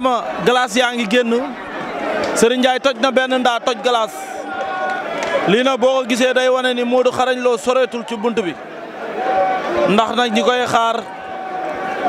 Adama glace yaa ngi génn Serigne toj na benn ndaa toj glace lii nag boo gisee day wane ni Modou xarañ loo soreetul ci bunt bi ndax na ñi koy xaar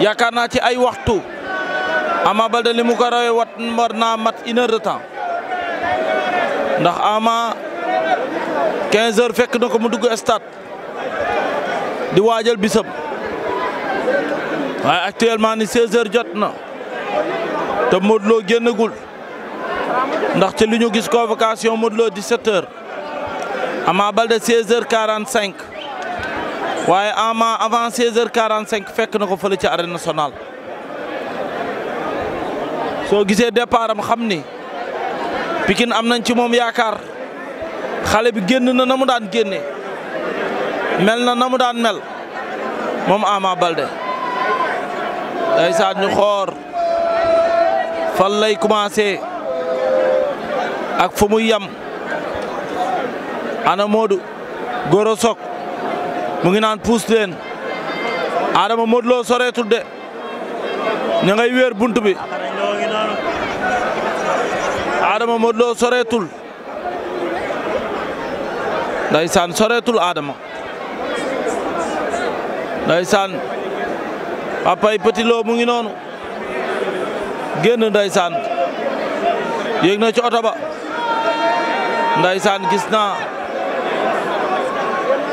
yaakaar naa ci ay waxtu Ama Baldé mu ko rawee wat war naa mat une heure de temps ndax Ama 15 fekk na ko mu dugg stade di waajal bisam waaye actuellement ni 16 heures jot na te Modou Lo génnagul ndax ci li ñu gis convocation Modou Lo 17h Ama Baldé 16h45 waaye Ama avant 16h45 fekk na ko fële ci arène nationale soo gisee départ am xam ni Pikine am nañ ci moom yaakaar xale bi génn na na mu daan génne mel na na mu daan mel moom Ama balde day saat ñu xoor fan lay commencé ak fu muy yam ana Modou Gora mu ngi naan puus leen Adama Modou Lo soreetul de ña ngay wéer bunt bi Adama Modou Lo soreetul ndaysaan soreetul Adama ndaysaan papay Petit mu ngi noonu génn ndeysaan yéeg na ci oto ba ndeysaan gis naa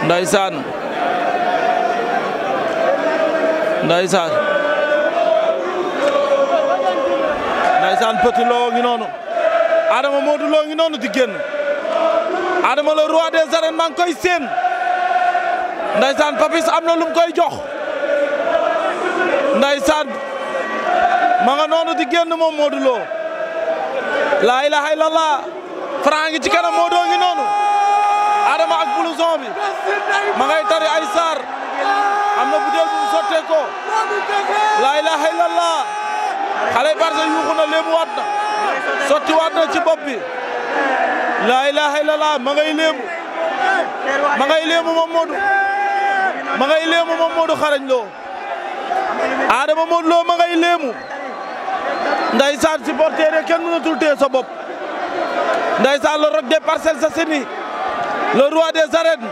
ndeysaan ndeysaan ndeysaan Petit Lo ngi noonu Adama Modou Lo ngi noonu di génn Adama le roi des arènes maa ngi koy séen ndeysaan Papis am na lu koy jox ndeysaan ma nga noonu di génn moom Modou Lo laa ilaha illallah Franc ngi ci kanam Modou ngi Adama ak blouson bi ma ngay tari ay am na butéel bu mu sottee ko laa ilaha barse yuuxu na léemu waat na sotti waat na ci bopp bi laa ilaha illallah ma ngay léemu ma ngay léemu moom Modou ma ngay moom Modou xarañ loo Adama Modou Lo ma ngay léemu ndeysaan supporter yi kenn mënatul téye sa bopp ndeysaan le roc des Parcelles Assainies le roi des arènes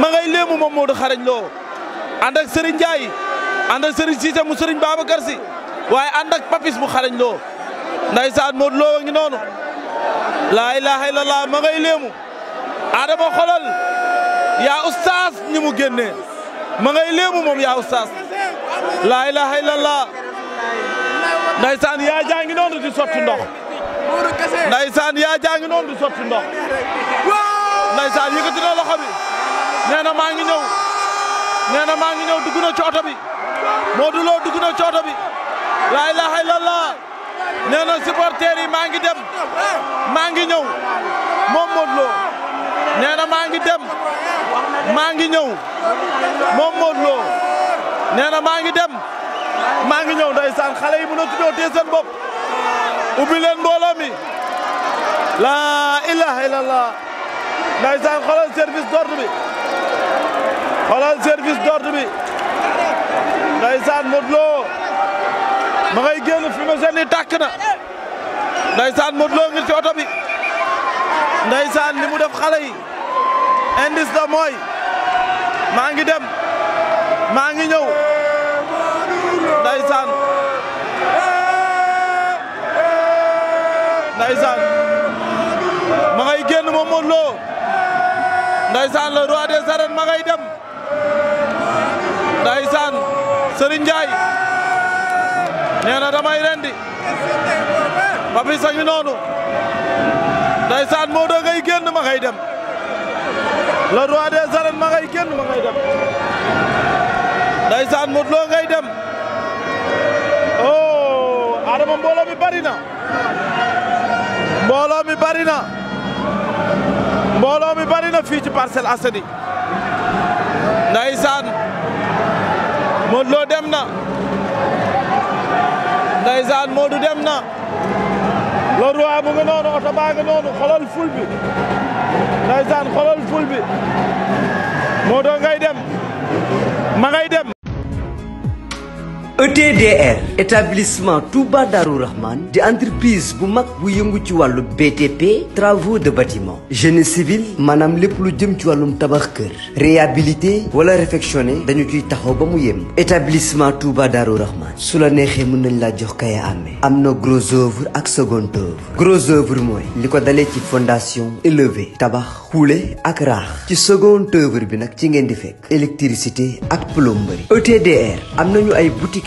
ma ngay léemu moom Modou Xarañ Lo ànd ak Serigne Ndiaye ànd ak Serigne mu Serigne Babacar Sy waaye ànd ak Papis mu Xarañ Lo ndeysaan Modou Lo wa ngi noonu laa ilaha illallah ma ngay léemu Adama xolal yaa ustaas ni mu génnee ma ngay moom yaa ustaas laa ilaha illallah ndaysaan yaa jaa ngi noonu di sotti ndox ndaysaan yaa jaa ngi di sotti ndox ndaysaan yëkkati na loxo bi nee na maa ngi ñëw nee na maa ngi ñëw dugg na ci oto bi Modou Lo dugg ci oto bi laa ilaaha illallah nee na supporters yi maa ngi dem maa ngi ñëw moom Modou Lo nee na maa ngi dem maa ngi ñëw moom Modou Lo nee na maa ngi dem maa ngi ñëw ndeysaan xale yi mën a tuddoo tee seen bopp ubbi leen mbooloo mi la ilaha illallah ndeysaan xoolal service d'ordre bi xoolal service d'ordre bi ndeysaan Modou Lo ma ngay génn fi ma seen i na ndeysaan Modou Lo ngi ci bi ndeysaan li mu def xale yi indice la mooy maa ngi dem maa ngi ñëw ndeysaan ndeysaan ma ngay génn moom Modou Lo ndeysaan le roi des arènes ma ngay dem ndeysaan Serigne Ndiaye nee na damay rendi Papis a ngi noonu ndeysaan Modou ngay génn ma ngay dem le roi des arènes ma ngay génn ma ngay dem ndeysaan Modou Lo ngay dem Adama mbooloo mi bari na mbooloo mi bari na mbooloo mi bari na fii ci Parcelles Assainies ndeysaan Modou Lo dem na ndeysaan Modou dem noonu oto baa ngi noonu xolal ful bi ndeysaan xolal ful bi Modou dem ma dem ETDR établissement Touba Darou Rahman di entreprise bu mag bu BTP travaux de bâtiment génie civil Manam lépp lu Tualum ci wàllum tabax kër réhabilité wala réfectionné dañu ciy taxaw ba établissement Touba Darou Rahman su la neexee mën nañ la jox gros œuvre ak second œuvre gros œuvre moi, li ko ci fondation élevé tabak houle, ak raax ci second œuvre bi nag ci ngeen électricité ak plomberie ETDR amno boutique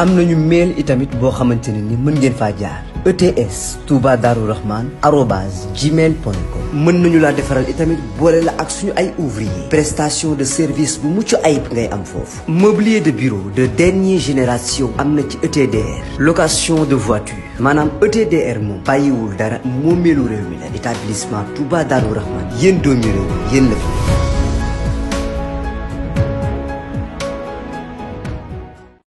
amnañu mail itamit ni ETS e Darou Rahman arrobas itamit la ak suñu ay prestation de service bu mucc ayib ngay am mobilier de bureau de dernière génération am ETDR location de voiture madame ETDR moom bàyyiwul dara établissement Darou Rahman yéen doomi réew